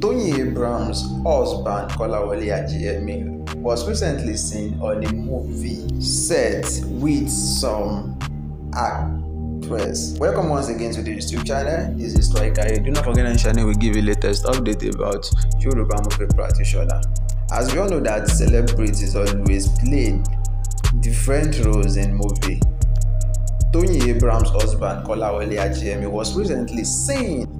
Tony Abrams' husband, Kolawole Ajeyemi, was recently seen on a movie set with some actress. Welcome once again to the YouTube channel. This is Toyikare. Do not forget that channel will give you latest update about Yoruba movie practitioner. As we all know that celebrities always play different roles in movie. Tony Abrams' husband, Kolawole Ajeyemi, was recently seen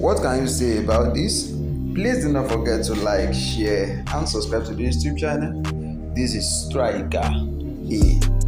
What can you say about this? Please do not forget to like, share, and subscribe to the YouTube channel. This is Striker. Yeah.